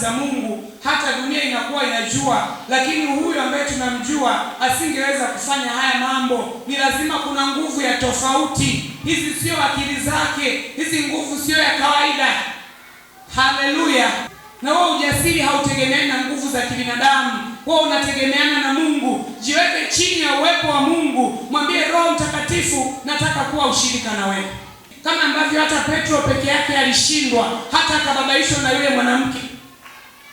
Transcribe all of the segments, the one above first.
za Mungu, hata dunia inakuwa inajua, lakini huyu ambaye tunamjua asingeweza kufanya haya mambo. Ni lazima kuna nguvu ya tofauti. Hizi sio akili zake, hizi nguvu sio ya kawaida. Haleluya! Na wewe ujasiri hautegemeani na nguvu za kibinadamu, wewe unategemeana na Mungu. Jiweke chini ya uwepo wa Mungu, mwambie Roho Mtakatifu, nataka kuwa ushirika na wewe kama ambavyo hata Petro peke yake alishindwa hata akababaishwa na yule mwanamke.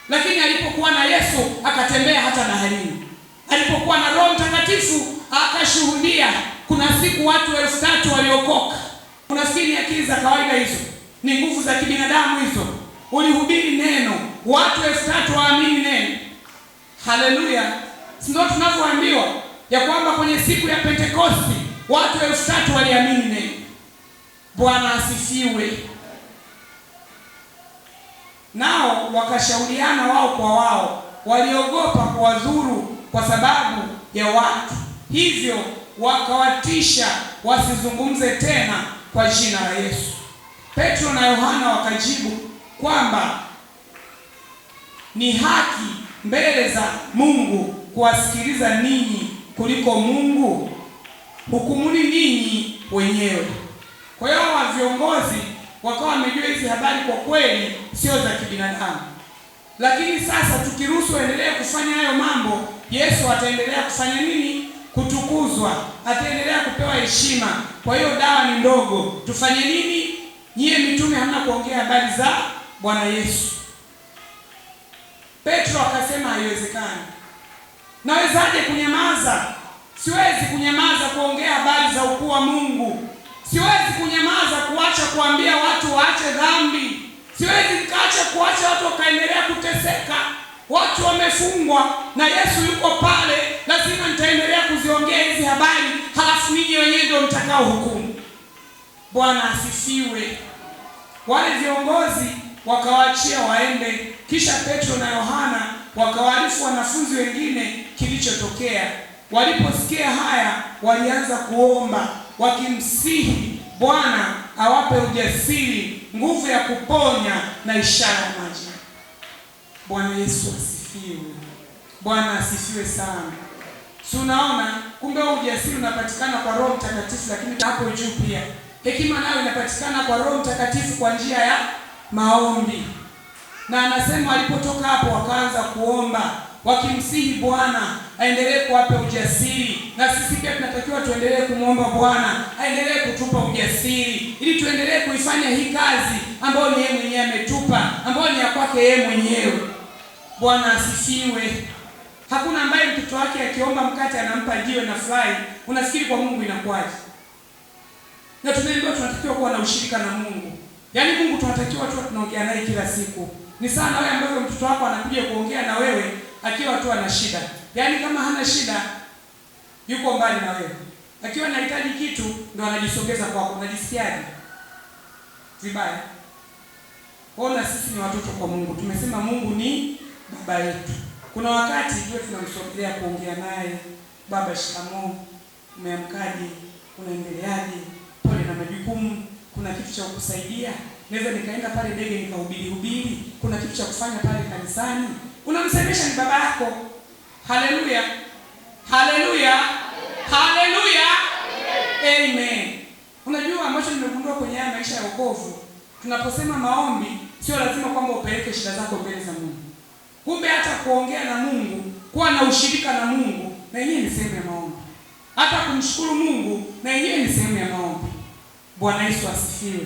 Lakini alipokuwa na Yesu akatembea hata baharini, alipokuwa na Roho Mtakatifu akashuhudia. Kuna siku watu elfu tatu waliokoka. Unafikiri akili za kawaida hizo? Ni nguvu za kibinadamu hizo? Ulihubiri neno watu elfu tatu waamini neno. Haleluya! si ndio tunavyoambiwa ya kwamba kwenye siku ya Pentekosti watu elfu tatu waliamini neno. Bwana asifiwe nao wakashauriana wao kwa wao, waliogopa kuwadhuru kwa sababu ya watu, hivyo wakawatisha wasizungumze tena kwa jina la Yesu. Petro na Yohana wakajibu kwamba ni haki mbele za Mungu kuwasikiliza ninyi kuliko Mungu. Hukumuni ninyi wenyewe. Kwa hiyo wa viongozi wakawa wamejua hizi habari kwa kweli sio za kibinadamu. Lakini sasa tukiruhusu endelee kufanya hayo mambo, Yesu ataendelea kufanya nini? Kutukuzwa, ataendelea kupewa heshima. Kwa hiyo dawa ni ndogo. Tufanye nini? nyiye mitume hamna kuongea habari za Bwana Yesu. Petro akasema haiwezekani. Nawezaje kunyamaza? Siwezi kunyamaza kuongea habari za ukuu wa Mungu. Siwezi kunyamaza kuacha kuambia watu waache dhambi. Siwezi kacha kuacha watu wakaendelea kuteseka. Watu wamefungwa na Yesu yuko pale, lazima nitaendelea kuziongea hizi habari, halafu ninyi wenyewe ndio mtakao hukumu. Bwana asifiwe. Wale viongozi wakawaachia waende, kisha Petro na Yohana wakawaarifu wanafunzi wengine kilichotokea. Waliposikia haya, walianza kuomba wakimsihi Bwana awape ujasiri, nguvu ya kuponya na ishara ya maajabu. Bwana Yesu asifiwe. Bwana asifiwe sana. Si unaona, kumbe huo ujasiri unapatikana kwa Roho Mtakatifu, lakini hapo juu pia hekima nayo inapatikana kwa Roho Mtakatifu kwa njia ya maombi. Na anasema alipotoka hapo wakaanza kuomba wakimsihi Bwana aendelee kuwapa ujasiri, na sisi pia tunatakiwa tuendelee kumwomba Bwana aendelee kutupa ujasiri, ili tuendelee kuifanya hii kazi ambayo ni yeye mwenyewe ametupa, ambayo ni ya kwake yeye mwenyewe. Bwana asifiwe. Hakuna ambaye mtoto wake akiomba mkate anampa jiwe na furahi. Unafikiri kwa Mungu inakuwaje? Na tunaambiwa tunatakiwa kuwa na ushirika na Mungu, yaani Mungu tunatakiwa tu tunaongea naye kila siku. Ni sana wale ambavyo mtoto wako anakuja kuongea na wewe akiwa tu ana shida Yaani kama hana shida yuko mbali na wewe. Akiwa anahitaji kitu ndo anajisogeza kwako. Unajisikiaje? Vibaya. Ona sisi ni watoto kwa Mungu. Tumesema Mungu ni baba yetu. Kuna wakati ndio tunamsogelea kuongea naye, baba, shikamoo, umeamkaje, unaendeleaje, pole na majukumu, kuna kitu cha kukusaidia, naweza nikaenda pale dege nikahubiri hubiri, kuna kitu cha kufanya pale kanisani. Unamsemesha ni baba yako. Haleluya, haleluya, haleluya, amen. Unajua ambacho nimegundua kwenye haya maisha ya wokovu, tunaposema maombi, sio lazima kwamba upeleke shida zako mbele za Mungu. Kumbe hata kuongea na Mungu, kuwa na ushirika na Mungu, na yeye ni sehemu ya maombi. Hata kumshukuru Mungu, na yeye ni sehemu ya maombi. Bwana Yesu asifiwe.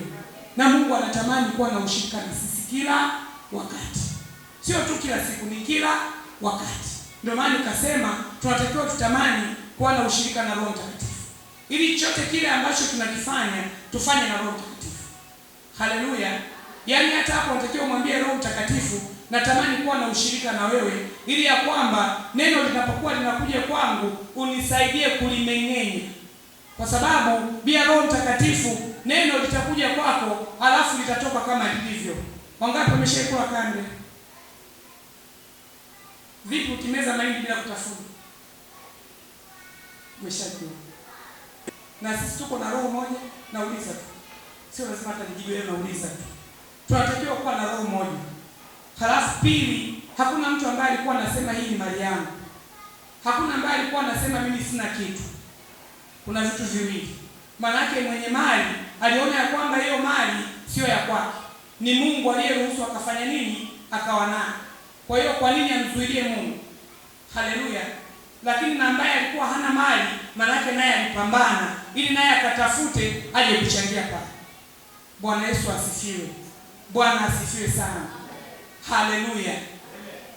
Na Mungu anatamani kuwa na ushirika na sisi kila wakati, sio tu kila siku, ni kila wakati. Ndio maana nikasema tunatakiwa tutamani kuwa na ushirika na Roho Mtakatifu, ili chote kile ambacho tunakifanya tufanye na Roho Mtakatifu. Haleluya! Yaani hata hapo unatakiwa umwambie Roho Mtakatifu, natamani kuwa na ushirika na wewe, ili ya kwamba neno linapokuwa linakuja kwangu unisaidie kulimeng'enya, kwa sababu bila Roho Mtakatifu neno litakuja kwako halafu litatoka kama lilivyo. Wangapi wameshaikula kande? Vipi ukimeza mahindi bila kutafuna? Umeshajua. Na sisi tuko na roho moja, nauliza tu, sio lazima hata nijibu leo, nauliza tu. Tunatakiwa kuwa na roho moja. Halafu pili, hakuna mtu ambaye alikuwa anasema hii ni mali yangu. Hakuna ambaye alikuwa anasema mimi sina kitu. Kuna vitu viwili. Maana mwenye mali aliona ya kwamba hiyo mali sio ya kwake, ni Mungu aliyeruhusu akafanya nini, akawa nayo kwa hiyo kwa nini amzuilie Mungu? Haleluya! Lakini na ambaye alikuwa hana mali, maanake naye alipambana ili naye akatafute aje kuchangia pale. Bwana Yesu asifiwe! Bwana asifiwe sana, haleluya.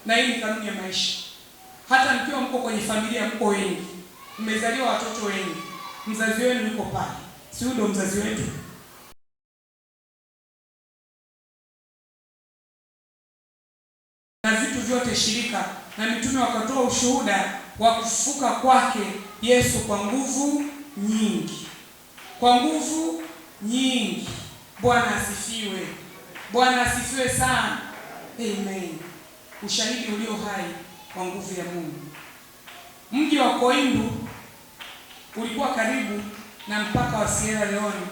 Na hii ni kanuni ya maisha. Hata mkiwa mko kwenye familia, mko wengi, mmezaliwa watoto wengi, mzazi wenu yuko pale, si huyo ndo mzazi wetu? lolote shirika, na mitume wakatoa ushuhuda wa kufufuka kwake Yesu kwa nguvu nyingi, kwa nguvu nyingi. Bwana asifiwe, Bwana asifiwe sana. Amen. Ushahidi ulio hai wa nguvu ya Mungu. Mji wa Koindu ulikuwa karibu na mpaka wa Sierra Leone,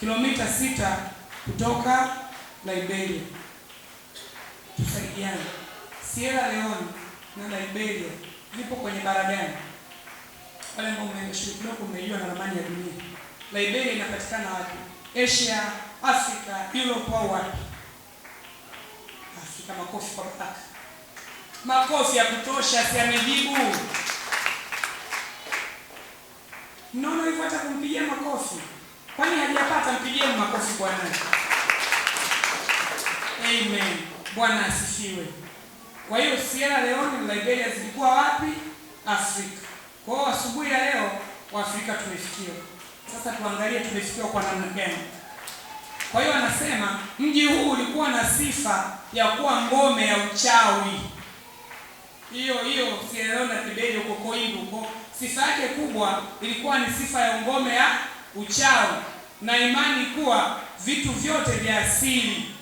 kilomita sita kutoka Liberia. Tusaidiane. Sierra Leone na Liberia vipo kwenye bara gani? Wale ambao mmeshiriki kidogo mmejua na ramani ya dunia. Liberia inapatikana wapi? Asia, Afrika, Europe au wapi? Afrika. Makofi kwa baraka, makofi ya kutosha, si amejibu. Nono hivyo hata kumpigia makofi, kwani hajapata? mpigie makofi kwa nani? Amen. Bwana asifiwe. Kwa hiyo Sierra Leone na Liberia zilikuwa wapi? Afrika. Kwa hiyo asubuhi ya leo Waafrika tumefikiwa. Sasa tuangalie tumefikiwa kwa namna gani? Kwa hiyo anasema mji huu ulikuwa na sifa ya kuwa ngome ya uchawi. Hiyo hiyo Sierra Leone na Liberia huko Koindo huko, sifa yake kubwa ilikuwa ni sifa ya ngome ya uchawi na imani kuwa vitu vyote vya asili